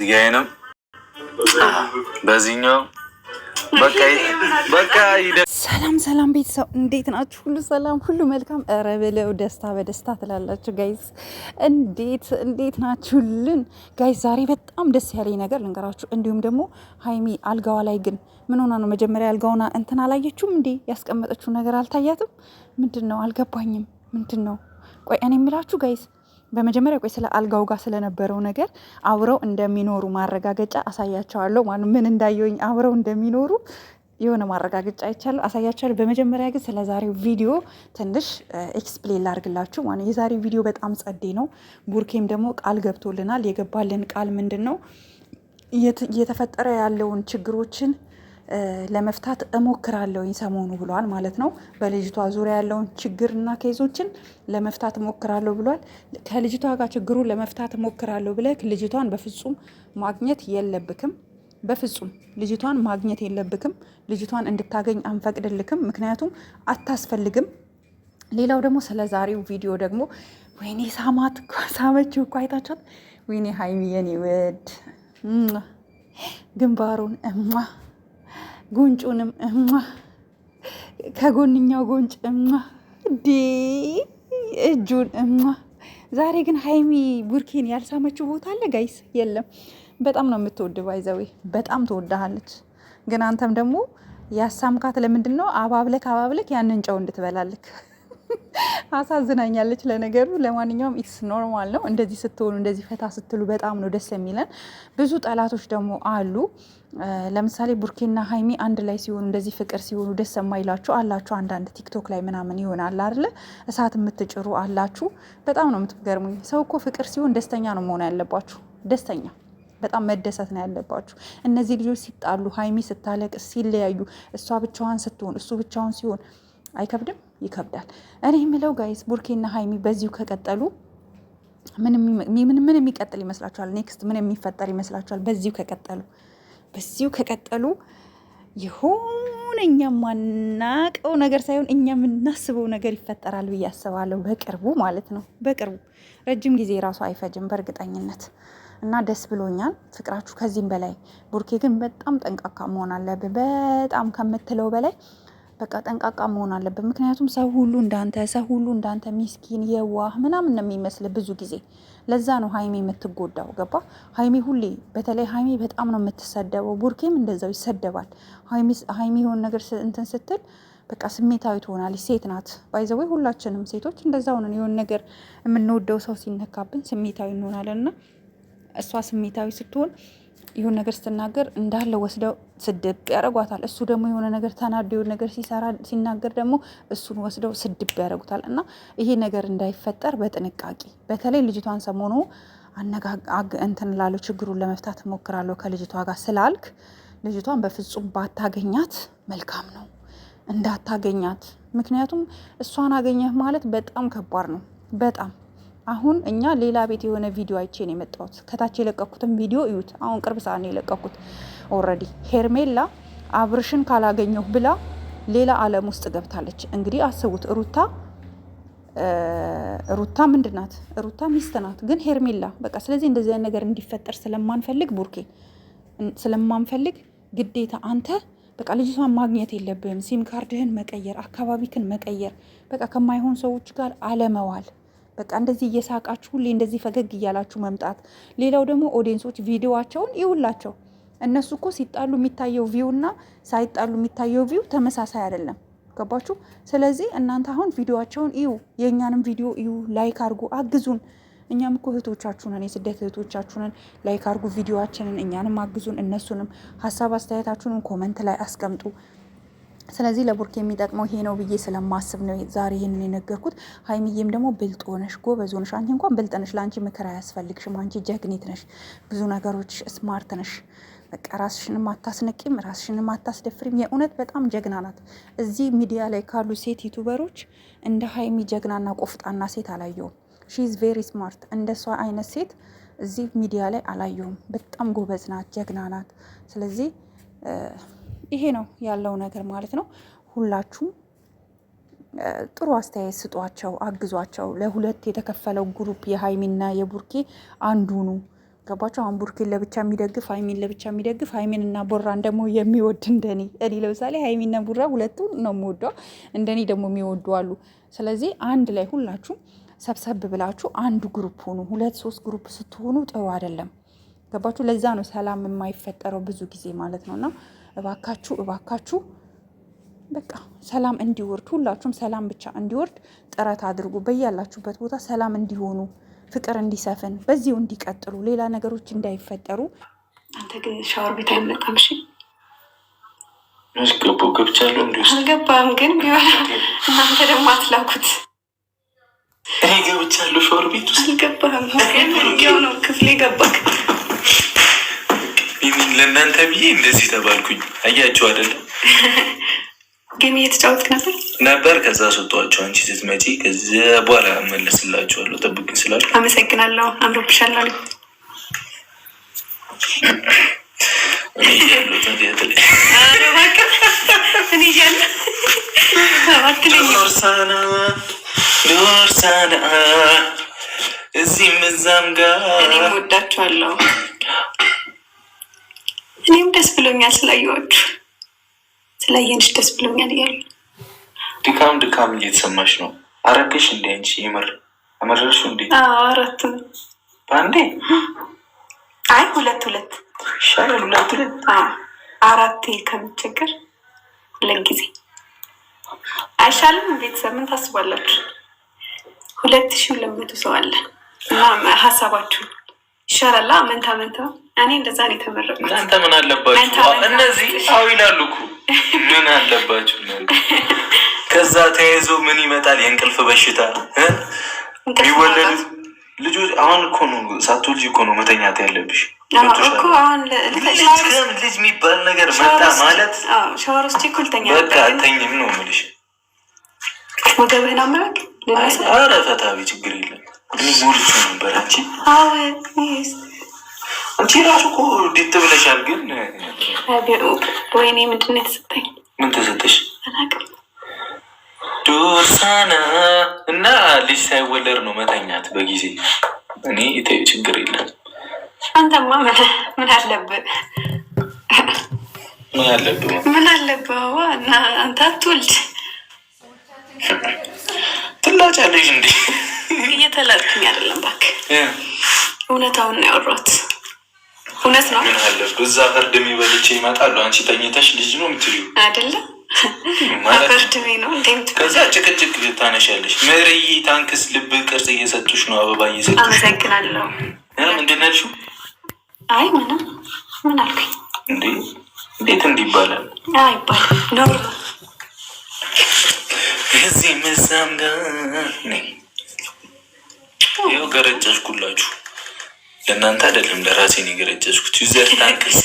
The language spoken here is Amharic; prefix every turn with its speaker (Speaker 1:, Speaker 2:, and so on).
Speaker 1: ስጋዬንም በዚህኛው ሰላም ሰላም ቤተሰብ እንዴት ናችሁ? ሁሉ ሰላም፣ ሁሉ መልካም። ኧረ ብለው ደስታ በደስታ ትላላችሁ ጋይዝ። እንዴት እንዴት ናችሁልን ጋይዝ? ዛሬ በጣም ደስ ያለኝ ነገር ልንገራችሁ። እንዲሁም ደግሞ ሀይሚ አልጋዋ ላይ ግን ምን ሆና ነው? መጀመሪያ አልጋውና እንትን አላየችሁም እንዴ? ያስቀመጠችው ነገር አልታያትም? ምንድን ነው አልገባኝም። ምንድን ነው ቆይ እኔ የምላችሁ ጋይዝ በመጀመሪያ ቆይ ስለ አልጋው ጋር ስለነበረው ነገር አብረው እንደሚኖሩ ማረጋገጫ አሳያቸዋለሁ። ማለት ምን እንዳየውኝ አብረው እንደሚኖሩ የሆነ ማረጋገጫ አይቻለሁ፣ አሳያቸዋለሁ። በመጀመሪያ ግን ስለ ዛሬው ቪዲዮ ትንሽ ኤክስፕሌን ላርግላችሁ። ማ የዛሬው ቪዲዮ በጣም ጸዴ ነው። ቡርኬም ደግሞ ቃል ገብቶልናል። የገባልን ቃል ምንድን ነው? እየተፈጠረ ያለውን ችግሮችን ለመፍታት እሞክራለሁኝ ሰሞኑ ብሏል ማለት ነው። በልጅቷ ዙሪያ ያለውን ችግርና ኬዞችን ለመፍታት እሞክራለሁ ብሏል። ከልጅቷ ጋር ችግሩን ለመፍታት እሞክራለሁ ብለህ ልጅቷን በፍጹም ማግኘት የለብክም። በፍጹም ልጅቷን ማግኘት የለብክም። ልጅቷን እንድታገኝ አንፈቅድልክም፣ ምክንያቱም አታስፈልግም። ሌላው ደግሞ ስለ ዛሬው ቪዲዮ ደግሞ ወይኔ ሳማት ሳመችው እኮ አይታችኋት። ወይኔ ሀይሚ የኔ ውድ ግንባሩን እማ ጉንጩንም እማ ከጎንኛው ጉንጭ እማ ዲ እጁን እማ። ዛሬ ግን ሀይሚ ቡርኬን ያልሳመችው ቦታ አለ ጋይስ? የለም። በጣም ነው የምትወድ ባይዘዌ በጣም ትወዳሃለች። ግን አንተም ደግሞ ያሳምካት ለምንድን ነው? አባብለክ አባብለክ ያንን ጨው እንድትበላልክ አሳዝናኛለች ለነገሩ። ለማንኛውም ኢትስ ኖርማል ነው። እንደዚህ ስትሆኑ እንደዚህ ፈታ ስትሉ በጣም ነው ደስ የሚለን። ብዙ ጠላቶች ደግሞ አሉ። ለምሳሌ ቡርኬና ሀይሚ አንድ ላይ ሲሆኑ እንደዚህ ፍቅር ሲሆኑ ደስ የማይላችሁ አላችሁ። አንዳንድ ቲክቶክ ላይ ምናምን ይሆናል አይደለ? እሳት የምትጭሩ አላችሁ። በጣም ነው የምትገርሙኝ። ሰው እኮ ፍቅር ሲሆን ደስተኛ ነው መሆን ያለባችሁ። ደስተኛ በጣም መደሰት ነው ያለባችሁ። እነዚህ ልጆች ሲጣሉ፣ ሀይሚ ስታለቅ፣ ሲለያዩ፣ እሷ ብቻዋን ስትሆን፣ እሱ ብቻውን ሲሆን አይከብድም? ይከብዳል። እኔ የምለው ጋይስ ቡርኬና ሀይሚ በዚሁ ከቀጠሉ ምን የሚቀጥል ይመስላችኋል? ኔክስት ምን የሚፈጠር ይመስላችኋል? በዚሁ ከቀጠሉ በዚሁ ከቀጠሉ የሆነ እኛ ማናቀው ነገር ሳይሆን እኛ የምናስበው ነገር ይፈጠራል ብዬ አስባለሁ። በቅርቡ ማለት ነው። በቅርቡ ረጅም ጊዜ ራሱ አይፈጅም በእርግጠኝነት እና ደስ ብሎኛል። ፍቅራችሁ ከዚህም በላይ ቡርኬ ግን በጣም ጠንቃካ መሆን አለብህ። በጣም ከምትለው በላይ በቃ ጠንቃቃ መሆን አለብን። ምክንያቱም ሰው ሁሉ እንዳንተ ሰው ሁሉ እንዳንተ ሚስኪን የዋህ ምናምን ነው የሚመስል ብዙ ጊዜ። ለዛ ነው ሀይሜ የምትጎዳው። ገባ ሀይሜ ሁሌ በተለይ ሀይሜ በጣም ነው የምትሰደበው። ቡርኬም እንደዛው ይሰደባል። ሀይሜ የሆነ ነገር እንትን ስትል በቃ ስሜታዊ ትሆናለች። ሴት ናት ባይዘወይ ሁላችንም ሴቶች እንደዛ ሆነን የሆነ ነገር የምንወደው ሰው ሲነካብን ስሜታዊ እንሆናለን እና እሷ ስሜታዊ ስትሆን ይሁን ነገር ስትናገር እንዳለ ወስደው ስድብ ያደርጓታል። እሱ ደግሞ የሆነ ነገር ተናዶ የሆነ ነገር ሲሰራ ሲናገር ደግሞ እሱን ወስደው ስድብ ያደረጉታል። እና ይሄ ነገር እንዳይፈጠር በጥንቃቄ በተለይ ልጅቷን ሰሞኑ አነጋግ እንትን ላለው ችግሩን ለመፍታት እሞክራለሁ ከልጅቷ ጋር ስላልክ ልጅቷን በፍጹም ባታገኛት መልካም ነው፣ እንዳታገኛት። ምክንያቱም እሷን አገኘህ ማለት በጣም ከባድ ነው በጣም አሁን እኛ ሌላ ቤት የሆነ ቪዲዮ አይቼ ነው የመጣሁት። ከታች የለቀኩትን ቪዲዮ እዩት። አሁን ቅርብ ሰዓት ነው የለቀኩት። ኦልሬዲ ሄርሜላ አብርሽን ካላገኘሁ ብላ ሌላ ዓለም ውስጥ ገብታለች። እንግዲህ አስቡት። ሩታ ሩታ ምንድን ናት? ሩታ ሚስት ናት፣ ግን ሄርሜላ በቃ። ስለዚህ እንደዚህ አይነት ነገር እንዲፈጠር ስለማንፈልግ ቡርኬ ስለማንፈልግ ግዴታ አንተ በቃ ልጅቷን ማግኘት የለብህም። ሲም ካርድህን መቀየር፣ አካባቢክን መቀየር፣ በቃ ከማይሆን ሰዎች ጋር አለመዋል በቃ እንደዚህ እየሳቃችሁ ሁሌ እንደዚህ ፈገግ እያላችሁ መምጣት። ሌላው ደግሞ ኦዲየንሶች ቪዲዮዋቸውን ይውላቸው። እነሱ እኮ ሲጣሉ የሚታየው ቪው እና ሳይጣሉ የሚታየው ቪው ተመሳሳይ አይደለም። ገባችሁ? ስለዚህ እናንተ አሁን ቪዲዮዋቸውን እዩ፣ የእኛንም ቪዲዮ እዩ፣ ላይክ አድርጉ፣ አግዙን። እኛም እኮ እህቶቻችሁ የስደት እህቶቻችሁ ላይክ አድርጉ ቪዲዮዋችንን፣ እኛንም አግዙን፣ እነሱንም። ሀሳብ አስተያየታችሁንም ኮመንት ላይ አስቀምጡ። ስለዚህ ለቡርክ የሚጠቅመው ይሄ ነው ብዬ ስለማስብ ነው ዛሬ ይህንን የነገርኩት። ሀይሚዬም ደግሞ ብልጥ ሆነሽ ጎበዝ ሆነሽ፣ አንቺ እንኳን ብልጥ ነሽ፣ ለአንቺ ምክር አያስፈልግሽም። አንቺ ጀግኔት ነሽ፣ ብዙ ነገሮች ስማርት ነሽ። በቃ ራስሽንም አታስነቂም፣ ራስሽንም አታስደፍሪም። የእውነት በጣም ጀግና ናት። እዚህ ሚዲያ ላይ ካሉ ሴት ዩቱበሮች እንደ ሀይሚ ጀግናና ቆፍጣና ሴት አላየውም። ሺዝ ቬሪ ስማርት። እንደ ሷ አይነት ሴት እዚህ ሚዲያ ላይ አላየውም። በጣም ጎበዝ ናት፣ ጀግና ናት። ስለዚህ ይሄ ነው ያለው ነገር ማለት ነው። ሁላችሁም ጥሩ አስተያየት ስጧቸው፣ አግዟቸው። ለሁለት የተከፈለው ግሩፕ የሀይሚና የቡርኬ አንዱ ነው። ገባቸው። አሁን ቡርኬን ለብቻ የሚደግፍ ሀይሚን ለብቻ የሚደግፍ ሀይሚን እና ቦራን ደግሞ የሚወድ እንደኔ እኔ ለምሳሌ ሀይሚና ቡራ ሁለቱ ነው የምወደው። እንደኔ ደግሞ የሚወዱ አሉ። ስለዚህ አንድ ላይ ሁላችሁም ሰብሰብ ብላችሁ አንድ ግሩፕ ሆኑ። ሁለት ሶስት ግሩፕ ስትሆኑ ጥሩ አይደለም። ገባችሁ? ለዛ ነው ሰላም የማይፈጠረው ብዙ ጊዜ ማለት ነውና እባካችሁ እባካችሁ በቃ ሰላም እንዲወርድ ሁላችሁም ሰላም ብቻ እንዲወርድ ጥረት አድርጉ። በያላችሁበት ቦታ ሰላም እንዲሆኑ፣ ፍቅር እንዲሰፍን፣ በዚሁ እንዲቀጥሉ፣ ሌላ ነገሮች እንዳይፈጠሩ።
Speaker 2: አንተ ግን ሻወር ቤት አይመጣም።
Speaker 1: እሺ ገቦ ገብቻለሁ። እንዲ
Speaker 2: አልገባም፣ ግን ቢሆን እናንተ ደግሞ አትላኩት።
Speaker 1: እኔ ገብቻለሁ ሻወር ቤት
Speaker 2: ውስጥ አልገባም። ግን ነው ክፍሌ ገባ
Speaker 1: ሚሚን ለእናንተ ብዬ እንደዚህ ተባልኩኝ። አያችሁ አደለ?
Speaker 2: ግን እየተጫወትክ ነበር
Speaker 1: ነበር። ከዛ ሰጧቸው አንቺ ስትመጪ ከዚያ በኋላ መለስላችኋለሁ። ጠብቅ ስላሉ
Speaker 2: አመሰግናለሁ። አምሮብሻል አሉ
Speaker 1: እዚህም እዛም ጋር
Speaker 2: እኔም ወዳችኋለሁ። እኔም ደስ ብሎኛል ስላየኋችሁ፣ ስላየንሽ ደስ ብሎኛል እያሉ
Speaker 1: ድካም ድካም እየተሰማሽ ነው። አረገሽ እንዴ አንቺ? ይምር አመረርሽ እንዴ? አራት በአንዴ?
Speaker 2: አይ ሁለት ሁለት ይሻላል። ሁለት ሁለት አራት ከምቸገር ሁለት ጊዜ አይሻልም? ቤተሰብ ምን ታስባላችሁ? ሁለት ሺ ሁለት መቶ ሰው አለ እና ሀሳባችሁ ይሻላላ መንታ መንታ እኔ እንደዛ ነው የተመረጥኩት።
Speaker 1: እናንተ ምን አለባችሁ? እነዚህ አዎ ይላሉ እኮ ምን አለባችሁ? ከዛ ተያይዞ ምን ይመጣል? የእንቅልፍ በሽታ የሚወለዱት ልጆች። አሁን እኮ ነው ልጅ እኮ ነው መተኛት ያለብሽ። ልጅ የሚባል ነገር መጣ ማለት
Speaker 2: ሻወር ውስጥ እኮ ልተኛ ነው የምልሽ። ወገብህን አምራቅ።
Speaker 1: ኧረ ፈታ ችግር የለም። ሞልቼ ነበራችን አንቺ ራሱ እኮ እንዴት ትብለሻል? ግን
Speaker 2: ወይኔ ምንድን ነው የተሰጠኝ?
Speaker 1: ምን ተሰጠሽ? ዶሳና እና ልጅ ሳይወለድ ነው መተኛት በጊዜ እኔ የታዩ ችግር የለም።
Speaker 2: አንተማ ምን አለብህ?
Speaker 1: ምን አለብህ?
Speaker 2: ምን አለብህ? እና አንተ አትወልድ
Speaker 1: ትላጫለሽ እንዴ?
Speaker 2: እየተላጥኩኝ አይደለም እባክህ፣ እውነታውን ነው ያወራሁት እውነት ነው። ምን
Speaker 1: አለብህ? እዛ ፈርድ በልቼ ይመጣሉ። አንቺ ተኝተሽ ልጅ ነው የምትይው
Speaker 2: አይደለም? ፈርድሜ ነው።
Speaker 1: ከዛ ጭቅጭቅ ታነሻለሽ። ምርይ ታንክስ። ልብ ቅርጽ እየሰጡሽ ነው፣ አበባ እየሰጡሽ።
Speaker 2: አመሰግናለሁ። ምንድን ነው አይ ምንም። ምን አልኩኝ?
Speaker 1: እንዴ እንዴት እንዲህ ይባላል?
Speaker 2: ይባላል ኖር
Speaker 1: ከዚህ መሳም ጋር ይኸው ገረጨሽ ኩላችሁ ለእናንተ አይደለም ለራሴ ነው የገረጀስኩት። ዩዘር ታንክስ